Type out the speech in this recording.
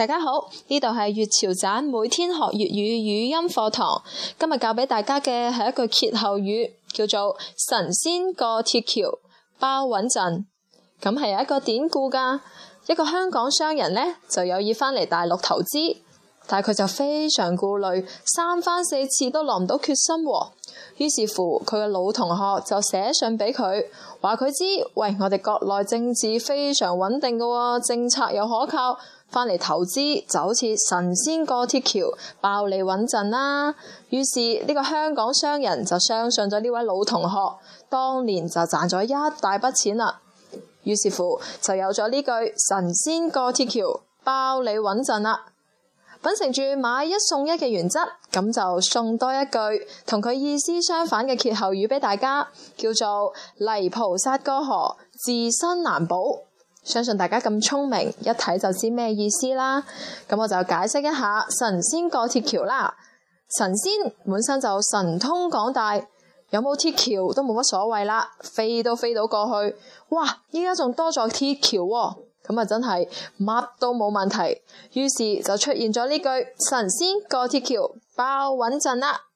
大家好，呢度係粵潮盞，每天學粵語語音課堂。今日教俾大家嘅係一句歇後語，叫做神仙過鐵橋，包穩陣。咁係有一個典故噶，一個香港商人呢，就有意返嚟大陸投資。但係佢就非常顧慮，三番四次都落唔到決心喎於是乎，佢嘅老同學就寫信畀佢，話佢知喂，我哋國內政治非常穩定噶喎，政策又可靠，翻嚟投資就好似神仙過鐵橋，包你穩陣啦。於是呢個香港商人就相信咗呢位老同學，當年就賺咗一大筆錢啦。於是乎就有咗呢句神仙過鐵橋，包你穩陣啦。秉承住買一送一嘅原則，咁就送多一句同佢意思相反嘅歇後語俾大家，叫做泥菩薩過河，自身難保。相信大家咁聰明，一睇就知咩意思啦。咁我就解釋一下神仙過鐵橋啦。神仙本身就神通廣大，有冇鐵橋都冇乜所謂啦，飛都飛到過去。哇！依家仲多咗鐵橋喎。咁啊，真係乜都冇問題，於是就出現咗呢句神仙過鐵橋，包穩陣啦。